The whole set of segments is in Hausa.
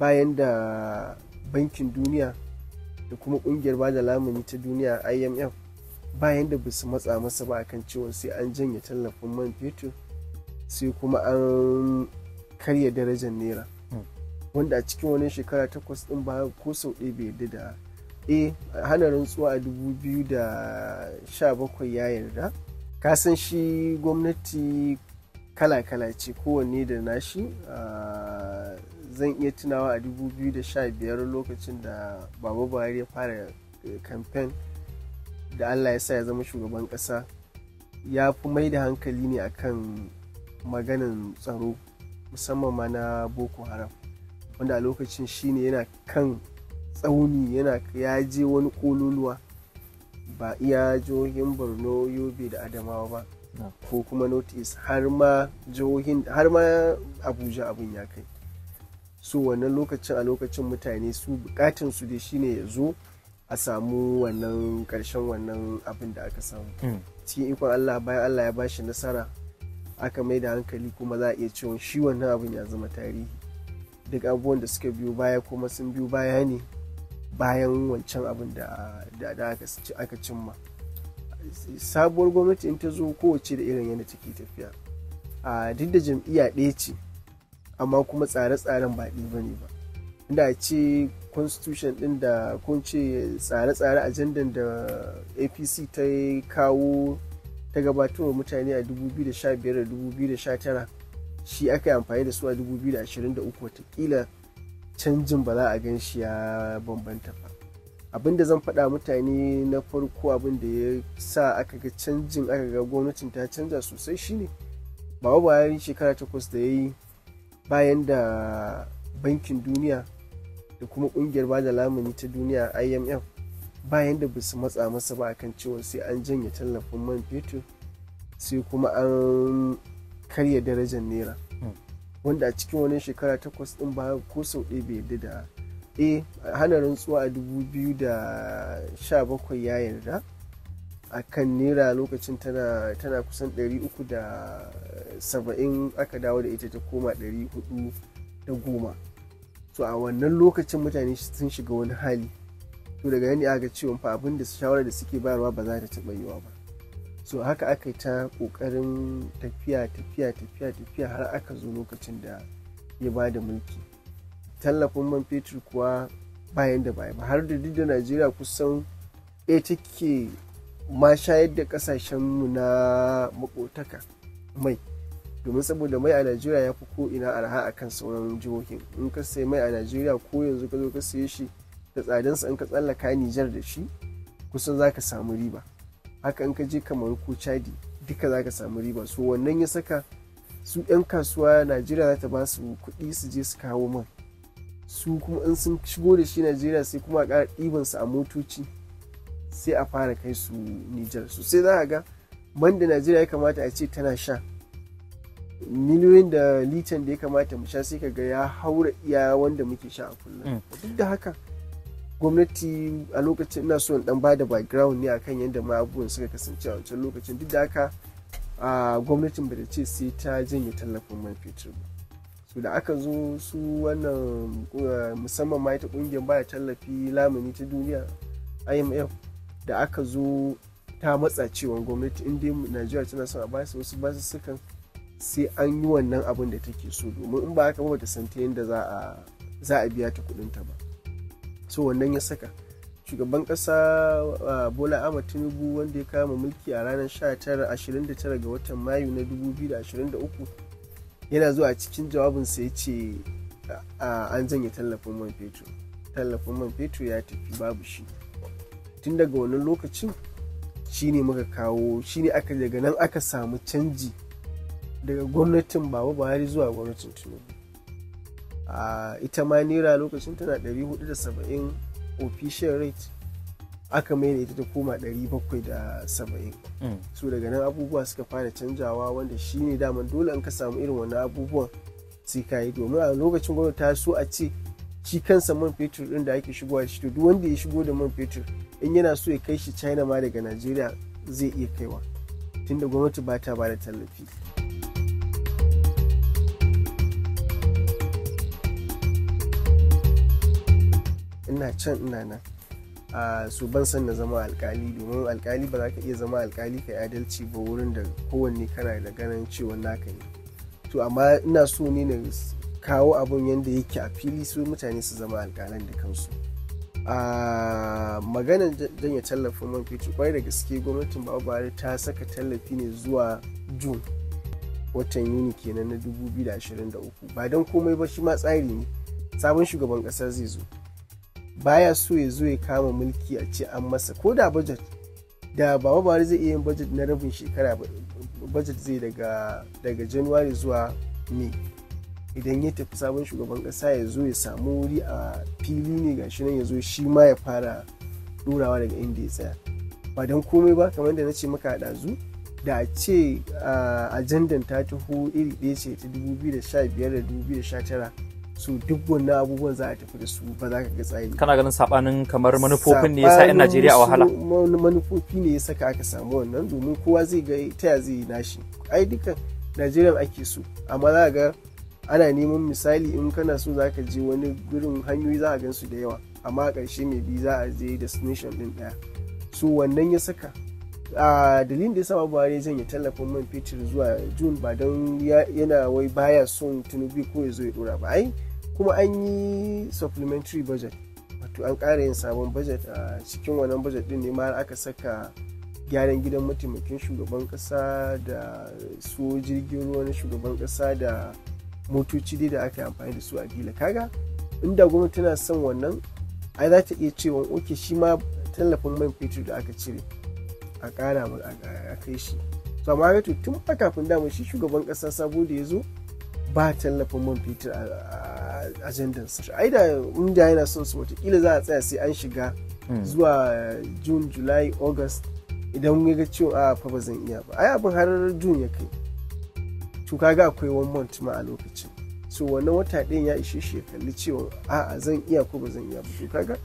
bayan da bankin duniya da kuma kungiyar ba da lamuni ta duniya imf bayan da ba matsa masa ba akan cewa sai an janye tallafin man fetur sai kuma an karya darajar naira hmm. wanda a cikin wani shekara takwas din ba ko sau ɗaya bai yarda da a eh, hana rantsuwa a dubu biyu da sha bakwai ya yarda kasan shi gwamnati kala-kala ce kowanne da nashi uh, zan iya tunawa a 2015 lokacin da baba buhari ya fara kamfen eh, da allah ya sa ya zama shugaban kasa, ya fi mai da hankali ne akan maganan tsaro musamman ma na boko haram wanda a lokacin shine yana kan tsauni yana ya je wani kololuwa ba iya jihohin borno yobe da adamawa ba ko kuma notice har ma abuja abin ya kai so wannan lokacin a lokacin mutane su bukatun su dai shine ya zo a samu wannan karshen wannan abin da aka samu hmm. cikin ikon Allah bayan Allah ya bashi nasara aka mai da hankali kuma za a iya cewa shi wannan abin ya zama tarihi duk abubuwan da suka biyo baya kuma sun biyo baya ne bayan wancan abin da aka cimma sabuwar gwamnati in ta zo kowace da irin yadda take tafiya a duk da jam'iyya ɗaya ce amma kuma tsare-tsaren ba ɗaya bane ba inda a ce constitution ɗin da kun ce tsare-tsare ajandan da apc ta kawo ta gabatar wa mutane a 2015 2019 shi aka yi amfani da su a 2023 watakila canjin ba za a gan shi ya bambanta ba abin da zan faɗa mutane na farko abin da ya sa aka ga canjin aka ga gwamnatin ta canza sosai shine ba wa bayan shekara takwas da ya yi bayan da bankin duniya da kuma kungiyar ba da lamuni ta duniya imf bayan da ba matsa masa ba akan cewa sai an janye tallafin man fetur sai kuma an karya darajar naira hmm. wanda a cikin wani shekara takwas din ba ko sau ɗaya bai yarda da a eh, hana rantsuwa a 2017 ya yarda Akan kan naira lokacin tana, tana kusan 370 aka dawo da ita ta koma 410 so a wannan lokacin mutane sun shiga wani hali to daga yani aka ce fa abin da shawarar da suke bayarwa ba za ta taɓa yiwa ba so haka aka yi ta ƙoƙarin tafiya tafiya tafiya tafiya har aka zo lokacin da ya ba da mulki tallafin man fetur kuwa bayan da baya ba har da duk da najeriya kusan ɗaya take ma shayar da mu na makotaka mai domin saboda mai a najeriya ya fi ko ina arha a kan sauran jihohin in ka sai mai a najeriya ko yanzu ka zo ka saye shi da tsadinsa in ka tsallaka nijar da shi kusan za ka samu riba haka in ka je kamar ko chadi duka za ka samu riba so wannan ya saka su 'yan kasuwa najeriya za ta ba su kuɗi su je su kawo man su kuma in sun shigo da shi najeriya sai kuma a ƙara ɗibansa a motoci sai a fara kai su Nijar su sai za a ga man da Najeriya ya kamata a ce tana sha miliyoyin da litan da ya kamata mu sha sai ka ga ya haura iya wanda muke sha a kullum hmm. duk da haka gwamnati a lokacin na so dan bada background ne akan yadda ma abubuwan suka kasance a wancan lokacin duk da haka gwamnatin bata ce sai ta janye tallafin man fetur ba su da aka zo su wannan eh, musamman ma ita kungiyar baya tallafi lamuni ta duniya imf da aka zo ta matsa cewan gwamnati in najeriya tana son a basu wasu basussukan sai an yi wannan abin da take so domin in ba haka ba ta san ta yadda za a biya ta kuɗin ta ba so wannan ya saka shugaban ƙasa bola ahmad tinubu wanda ya kama mulki a ranar 29 ga watan mayu na 2023 yana zuwa cikin jawabinsa ya ce an janye tallafin man fetur tallafin man fetur ya tafi babu shi tun daga wannan lokacin shine muka kawo shine aka daga nan aka samu canji daga gwamnatin baba buhari zuwa gwamnatin tinubu a ita ma naira lokacin tana 470 official rate aka mai da ita ta koma 770 mm. so daga nan abubuwa suka fara canjawa wanda shi ne daman dole an ka samu irin wannan abubuwan sai ka yi domin a lokacin gwamnati ta so a ce shi kansa man fetur din da ake shigowa shi to duk wanda ya shigo da man fetur in yana so ya kai shi china ma daga najeriya zai iya kaiwa tunda gwamnati ba ta ba da tallafi ina can ina nan a su ban san na zama alkali domin alkali ba za ka iya zama alkali kai adalci ba wurin da kowanne kana da ganin cewa naka ne to amma ina so ne na kawo abun yadda yake a fili su mutane su zama alƙalan da kansu a maganar janye tallafin man fetur kwarai da gaske gwamnatin buhari ta saka tallafi ne zuwa jun watan yuni kenan na 2023 ba don komai ba shi ma tsari ne sabon shugaban ƙasa zai zo baya so ya zo ya kama mulki a ce an masa ko da budget da baba zai iya yin budget na rabin shekara budget zai daga daga january zuwa may idan ya tafi sabon shugaban kasa ya zo ya samu wuri a fili ne ga shi nan ya zo shi ma ya fara ɗorawa daga inda ya tsaya ba don komai ba kamar da na ce maka ɗazu da a ce ajandan ta taho iri ɗaya ce ta 2015 da 2019 su duk wannan abubuwan za a tafi da su ba za ka ga tsari kana ganin sabanin kamar manufofin ne ya sa 'yan Najeriya a wahala manufofi ne ya saka aka samu wannan domin kowa zai ga taya zai yi nashi ai dukkan Najeriya ake so amma za ga ana neman misali in kana so za ka je wani gurin hanyoyi za a gan su da yawa amma a ƙarshe mai bi za a je destination ɗin ɗaya so wannan ya saka a dalilin da ya sama buhari zan ya tallafin man fetur zuwa jun ba don yana wai baya son tunubi ko ya zo ya dora ba ai kuma an yi supplementary budget wato an ƙara yin sabon budget a cikin wannan budget ɗin ne ma aka saka gyaran gidan mataimakin shugaban kasa da su jirgin ruwa na shugaban ƙasa da motoci dai da aka yi amfani da su a gila kaga inda gwamnati tana son wannan ai za ta iya cewa oke shi ma tallafin man fetur da aka cire a kara a kai shi to amma ga tun ba kafin dama shi shugaban kasa sabo da ya zo ba tallafin man fetur a ajandan sa ai da inda yana son su watakila za a tsaya sai an shiga hmm. zuwa june july august idan ya ga cewa a fa ba zan iya ba ai abin har june ya kai to kaga akwai one month ma a lokacin so wannan wata ɗin ya ishe shi ya kalli cewa a'a zan iya ko ba zan iya ba to kaga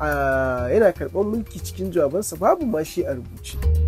ah, yana karɓar mulki cikin jawabansa babu ma shi a rubuce.